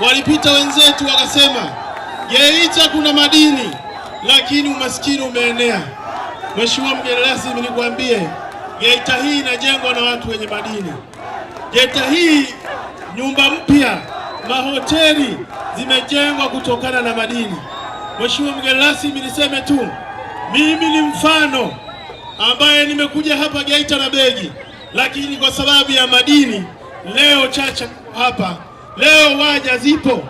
walipita wenzetu wakasema, Geita kuna madini lakini umaskini umeenea. Mheshimiwa mgeni rasmi, nikwambie Geita hii inajengwa na watu wenye madini. Geita hii nyumba mpya, mahoteli zimejengwa kutokana na madini. Mheshimiwa mgeni rasmi, niseme tu mimi ni mfano ambaye nimekuja hapa Geita na begi, lakini kwa sababu ya madini leo chacha hapa leo waja zipo,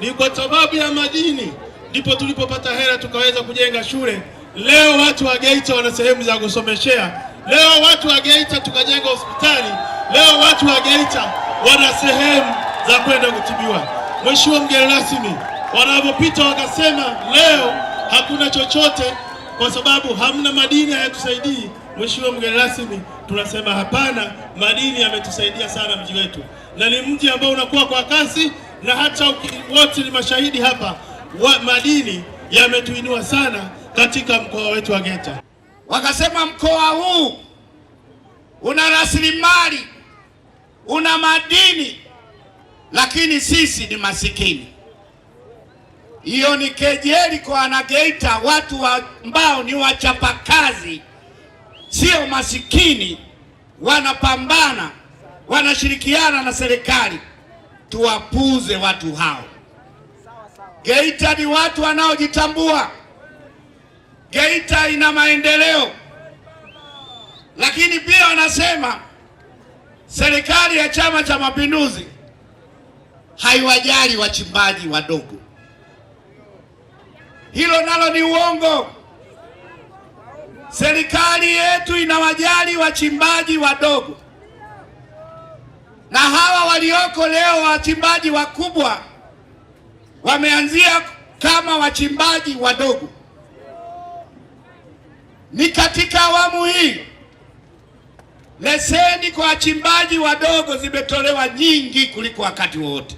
ni kwa sababu ya madini ndipo tulipopata hela tukaweza kujenga shule. Leo watu wa Geita wana sehemu za kusomeshea, leo watu wa Geita tukajenga hospitali, leo watu wa Geita wana sehemu za kwenda kutibiwa. Mheshimiwa mgeni rasmi, wanapopita wakasema leo hakuna chochote kwa sababu hamna madini hayatusaidii. Mheshimiwa mgeni rasmi, tunasema hapana. Madini yametusaidia sana mji wetu, na ni mji ambao unakuwa kwa kasi, na hata wote ni mashahidi hapa wa, madini yametuinua sana katika mkoa wetu wa Geita. Wakasema mkoa huu una rasilimali, una madini, lakini sisi ni masikini. Hiyo ni kejeli kwa Wanageita, watu ambao wa ni wachapakazi sio masikini, wanapambana, wanashirikiana na serikali. Tuwapuze watu hao. Geita ni watu wanaojitambua. Geita ina maendeleo, lakini pia wanasema serikali ya Chama cha Mapinduzi haiwajali wachimbaji wadogo. Hilo nalo ni uongo. Serikali yetu inawajali wachimbaji wadogo na hawa walioko leo wachimbaji wakubwa wameanzia kama wachimbaji wadogo. Ni katika awamu hii leseni kwa wachimbaji wadogo zimetolewa nyingi kuliko wakati wowote.